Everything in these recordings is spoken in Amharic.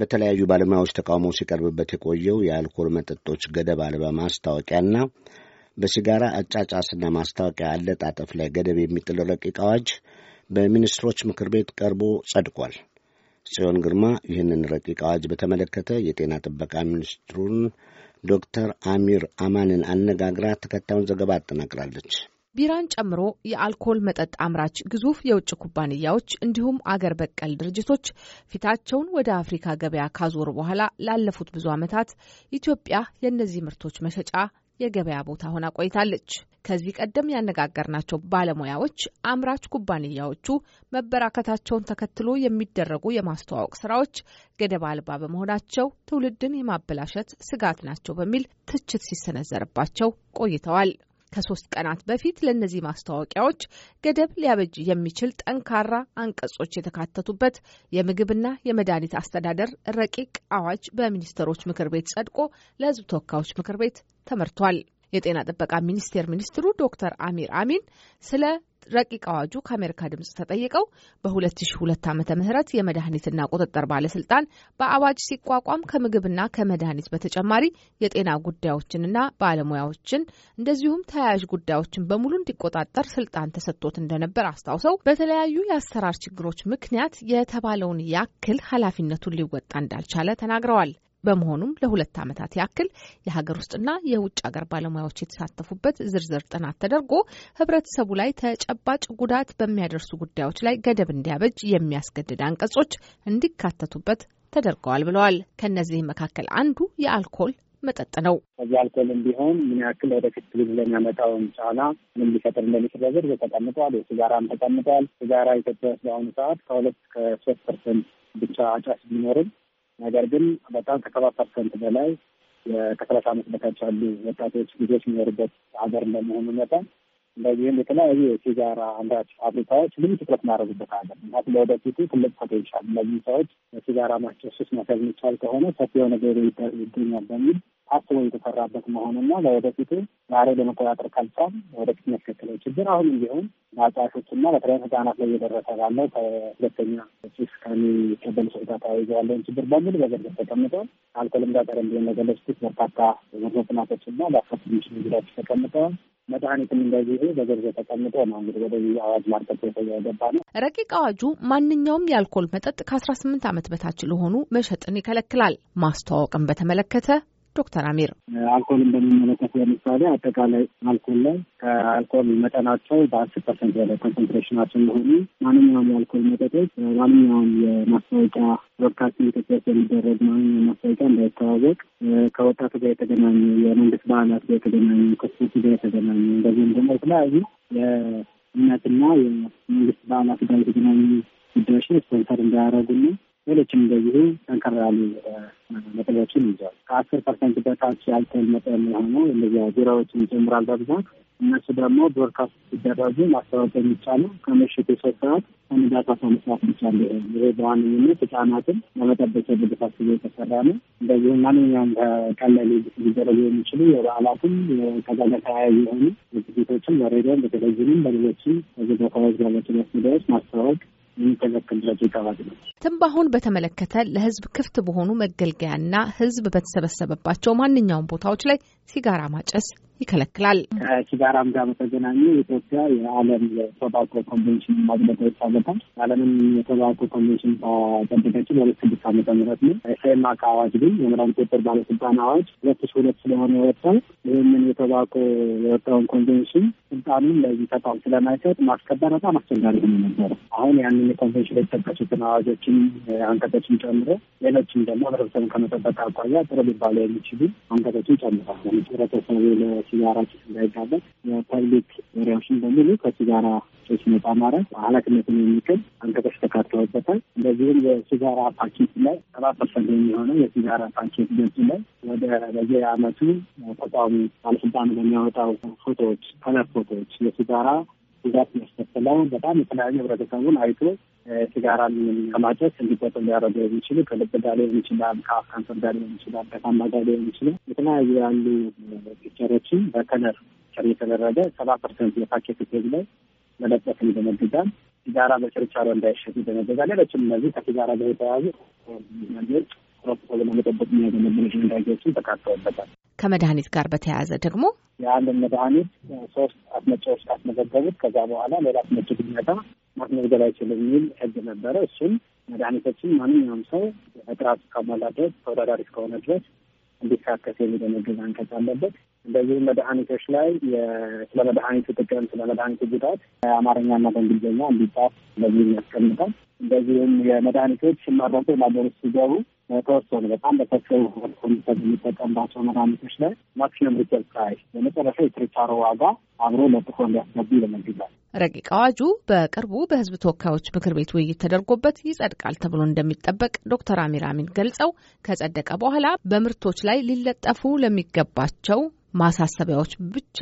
በተለያዩ ባለሙያዎች ተቃውሞ ሲቀርብበት የቆየው የአልኮል መጠጦች ገደብ አልባ ማስታወቂያና በሲጋራ አጫጫስና ማስታወቂያ አለጣጠፍ ላይ ገደብ የሚጥል ረቂቅ አዋጅ በሚኒስትሮች ምክር ቤት ቀርቦ ጸድቋል። ጽዮን ግርማ ይህንን ረቂቅ አዋጅ በተመለከተ የጤና ጥበቃ ሚኒስትሩን ዶክተር አሚር አማንን አነጋግራ ተከታዩን ዘገባ አጠናቅራለች። ቢራን ጨምሮ የአልኮል መጠጥ አምራች ግዙፍ የውጭ ኩባንያዎች እንዲሁም አገር በቀል ድርጅቶች ፊታቸውን ወደ አፍሪካ ገበያ ካዞሩ በኋላ ላለፉት ብዙ ዓመታት ኢትዮጵያ የእነዚህ ምርቶች መሸጫ የገበያ ቦታ ሆና ቆይታለች። ከዚህ ቀደም ያነጋገርናቸው ባለሙያዎች አምራች ኩባንያዎቹ መበራከታቸውን ተከትሎ የሚደረጉ የማስተዋወቅ ስራዎች ገደብ አልባ በመሆናቸው ትውልድን የማበላሸት ስጋት ናቸው በሚል ትችት ሲሰነዘርባቸው ቆይተዋል። ከሶስት ቀናት በፊት ለእነዚህ ማስታወቂያዎች ገደብ ሊያበጅ የሚችል ጠንካራ አንቀጾች የተካተቱበት የምግብና የመድኃኒት አስተዳደር ረቂቅ አዋጅ በሚኒስትሮች ምክር ቤት ጸድቆ ለሕዝብ ተወካዮች ምክር ቤት ተመርቷል። የጤና ጥበቃ ሚኒስቴር ሚኒስትሩ ዶክተር አሚር አሚን ስለ ረቂቅ አዋጁ ከአሜሪካ ድምጽ ተጠይቀው በ2002 ዓ ም የመድኃኒትና ቁጥጥር ባለስልጣን በአዋጅ ሲቋቋም ከምግብና ከመድኃኒት በተጨማሪ የጤና ጉዳዮችንና ባለሙያዎችን እንደዚሁም ተያያዥ ጉዳዮችን በሙሉ እንዲቆጣጠር ስልጣን ተሰጥቶት እንደነበር አስታውሰው በተለያዩ የአሰራር ችግሮች ምክንያት የተባለውን ያክል ኃላፊነቱን ሊወጣ እንዳልቻለ ተናግረዋል። በመሆኑም ለሁለት ዓመታት ያክል የሀገር ውስጥና የውጭ ሀገር ባለሙያዎች የተሳተፉበት ዝርዝር ጥናት ተደርጎ ህብረተሰቡ ላይ ተጨባጭ ጉዳት በሚያደርሱ ጉዳዮች ላይ ገደብ እንዲያበጅ የሚያስገድድ አንቀጾች እንዲካተቱበት ተደርገዋል ብለዋል። ከእነዚህም መካከል አንዱ የአልኮል መጠጥ ነው። ከዚህ አልኮልም ቢሆን ምን ያክል ወደፊት ብዙ ለሚያመጣውን ጫና ምን ሊፈጥር እንደሚችል በዝርዝር ተቀምጠዋል። የሲጋራም ተቀምጠዋል። ሲጋራ ኢትዮጵያ ውስጥ በአሁኑ ሰዓት ከሁለት ከሶስት ፐርሰንት ብቻ አጫሽ ቢኖርም ነገር ግን በጣም ከሰባት ፐርሰንት በላይ ከሰላሳ አመት በታች ያሉ ወጣቶች ልጆች የሚኖሩበት ሀገር እንደመሆኑ መጠን እንደዚህም የተለያዩ የሲጋራ አምራች ፋብሪካዎች ልዩ ትኩረት ማድረጉበት አለ። ምክንያቱም ለወደፊቱ ትልቅ ፖቴንሻል እነዚህ ሰዎች የሲጋራ ማጨስ ሱስ መሰል የሚቻል ከሆነ ሰፊ የሆነ ገቢ ይገኛል በሚል ታስቦ የተሰራበት መሆኑና ለወደፊቱ ዛሬ ለመቆጣጠር ካልቻል ወደፊት የሚያስከትለው ችግር አሁን እንዲሁም ለአጫሾች በአጫሾችና በተለያዩ ህጻናት ላይ እየደረሰ ባለው ከሁለተኛ ሱስ ከሚቀበሉ ሰዎች ጋር ተያይዞ ያለውን ችግር በሙሉ በዝርዝር ተቀምጠው አልኮልም ጋር ቀደም ብዬ እንደገለጽኩት በርካታ መጥናቶችና ሊያስከትሉ የሚችሉ ጉዳዮች ተቀምጠዋል። መድኃኒትም እንደዚህ በዝርዝር ተቀምጦ ነው እንግዲህ ወደዚህ አዋጅ ማርቀቅ የገባ ነው። ረቂቅ አዋጁ ማንኛውም የአልኮል መጠጥ ከአስራ ስምንት ዓመት በታች ለሆኑ መሸጥን ይከለክላል። ማስተዋወቅን በተመለከተ ዶክተር አሚር አልኮልን በሚመለከት ለምሳሌ አጠቃላይ አልኮል ላይ ከአልኮል መጠናቸው በአስር ፐርሰንት በላይ ኮንሰንትሬሽናቸው መሆኑ ማንኛውም የአልኮል መጠጦች ማንኛውም የማስታወቂያ ብሮድካስቲንግ ኢትዮጵያ የሚደረግ ማንኛውም ማስታወቂያ እንዳይተዋወቅ ከወጣቱ ጋር የተገናኙ የመንግስት በዓላት ጋር የተገናኙ ከስፖርት ጋር የተገናኙ እንደዚሁም ደግሞ የተለያዩ የእምነትና የመንግስት በዓላት ጋር የተገናኙ ጉዳዮችን ስፖንሰር እንዳያደረጉና ሌሎችም እንደዚሁ ጠንከር ያሉ ነጥቦችን ይዟል። ከአስር ፐርሰንት በታች የአልኮል መጠን የሆነው እንደዚያ ቢራዎችን ይጀምራል በብዛት እነሱ ደግሞ ብሮድካስት ሲደረጉ ማስታወቅ የሚቻሉ ከምሽቱ ሶስት ሰዓት ከንጋቱ አስራ አምስት ሰዓት ይሄ በዋነኝነት ህጻናትን ለመጠበቅ የብድፋት በተሳስበ የተሰራ ነው። እንደዚሁ ማንኛውም ከቀለል ሊደረጉ የሚችሉ የበዓላትም ከዛ ጋር ተያያዥ የሆኑ ዝግጅቶችን በሬዲዮም በቴሌቪዥንም በሌሎችም ከዚህ ጋር ተያያዥ ሚዲያዎች ማስታወቅ የሚከለክልለት ነው። ትንባሆን በተመለከተ ለህዝብ ክፍት በሆኑ መገልገያና ህዝብ በተሰበሰበባቸው ማንኛውም ቦታዎች ላይ ሲጋራ ማጨስ ይከለክላል። ከሲጋራም ጋር በተገናኘ ኢትዮጵያ የዓለም የቶባኮ ኮንቬንሽን ማጽደቃዎች አመታል ዓለምን የቶባኮ ኮንቬንሽን ካጸደቀችው በሁለት ስድስት ዓመተ ምህረት ነው። ኤማክ አዋጅ ግን የመድኃኒት ቁጥጥር ባለስልጣን አዋጅ ሁለት ሺ ሁለት ስለሆነ የወጣው ይህንን የቶባኮ የወጣውን ኮንቬንሽን ስልጣኑን ለዚህ ተቋም ስለማይሰጥ ማስከበር በጣም አስቸጋሪ ነው ነበረ። አሁን ያንን የኮንቬንሽን የተጠቀሱትን አዋጆችን አንቀጦችን ጨምሮ ሌሎችም ደግሞ ህብረተሰብን ከመጠበቅ አኳያ ጥሩ ሊባሉ የሚችሉ አንቀጾችን ጨምሯል። ህብረተሰቡ ከሲጋራ ጭስ እንዳይጋለጥ የፐብሊክ ኤሪያዎችን በሙሉ ከሲጋራ ጭስ ነጻ ማድረግ ኃላፊነትን የሚችል አንቀጾች ተካተውበታል። እንደዚህም የሲጋራ ፓኬት ላይ ሰባ ፐርሰንት የሚሆነው የሲጋራ ፓኬት ገጽ ላይ ወደ በየአመቱ ተቋሙ ባለስልጣን በሚያወጣው ፎቶዎች፣ ከለር ፎቶዎች የሲጋራ ጉዳት ያስከተለው በጣም የተለያዩ ህብረተሰቡን አይቶ ሲጋራን ከማጨስ እንዲቆጠብ ሊያደረጉ የሚችሉ ከልብ ጋር ሊሆን ይችላል፣ ከአፍ ካንሰር ጋር ሊሆን ይችላል፣ ከሳምባ ጋር ሊሆን ይችላል። የተለያዩ ያሉ ፒክቸሮችን በከለር ቸር የተደረገ ሰባ ፐርሰንት የፓኬት ቴግ ላይ መለጠፍ ይደነግጋል። ሲጋራ በችርቻሮ እንዳይሸጥ ይደነግጋል። ሌሎችም እነዚህ ከሲጋራ ጋር የተያዙ ህብረተሰብ ለመጠበቅ የሚያገለግሉ መድኃኒቶችን ተካተውበታል። ከመድኃኒት ጋር በተያያዘ ደግሞ የአንድ መድኃኒት ሶስት አስመጪዎች ካስመዘገቡት ከዛ በኋላ ሌላ አስመጪ ግንባታ ማስመዝገብ አይችልም የሚል ህግ ነበረ። እሱም መድኃኒቶችን ማንኛውም ሰው እጥራት እስካሟላ ድረስ ተወዳዳሪ እስከሆነ ድረስ እንዲካከስ የሚደነግግ አንቀጽ አለበት። እንደዚሁም መድኃኒቶች ላይ ስለ መድኃኒቱ ጥቅም፣ ስለ መድኃኒቱ ጉዳት አማርኛና በእንግሊዝኛ እንዲጻፍ እንደዚህ ያስቀምጣል። እንደዚህም የመድኃኒቶች ሲመረቱ ለሀገር ውስጥ ሲገቡ ተወሰኑ በጣም በሰፊው የሚጠቀምባቸው መድኃኒቶች ላይ ማክሲመም ሪቴል ፕራይስ የመጨረሻ የችርቻሮ ዋጋ አብሮ ለጥፎ እንዲያስገቡ ይለመግዛል። ረቂቅ አዋጁ በቅርቡ በህዝብ ተወካዮች ምክር ቤት ውይይት ተደርጎበት ይጸድቃል ተብሎ እንደሚጠበቅ ዶክተር አሚር አሚን ገልጸው ከጸደቀ በኋላ በምርቶች ላይ ሊለጠፉ ለሚገባቸው ማሳሰቢያዎች ብቻ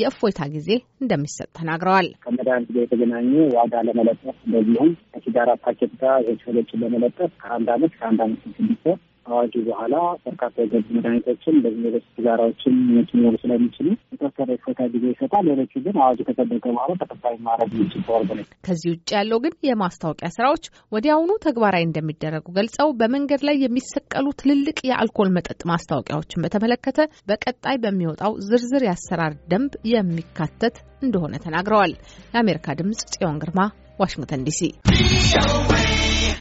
የእፎይታ ጊዜ እንደሚሰጥ ተናግረዋል። ከመድኃኒት ጋር የተገናኙ ዋጋ ለመለጠፍ እንደዚሁም ከሲጋራ ፓኬት ጋር የችሎችን ለመለጠፍ ከአንድ አመት ከአንድ አመት ስድስት አዋጁ በኋላ በርካታ የገቡ መድኃኒቶችን እንደዚህ ሌሎች ሲጋራዎችን መጭኖሩ ስለሚችሉ የተወሰነ የፎታ ጊዜ ይሰጣል። ሌሎቹ ግን አዋጁ ከጸደቀ በኋላ ተፈታኝ ማድረግ የሚችል ተወርግ ነው። ከዚህ ውጭ ያለው ግን የማስታወቂያ ስራዎች ወዲያውኑ ተግባራዊ እንደሚደረጉ ገልጸው በመንገድ ላይ የሚሰቀሉ ትልልቅ የአልኮል መጠጥ ማስታወቂያዎችን በተመለከተ በቀጣይ በሚወጣው ዝርዝር የአሰራር ደንብ የሚካተት እንደሆነ ተናግረዋል። ለአሜሪካ ድምጽ ጽዮን ግርማ ዋሽንግተን ዲሲ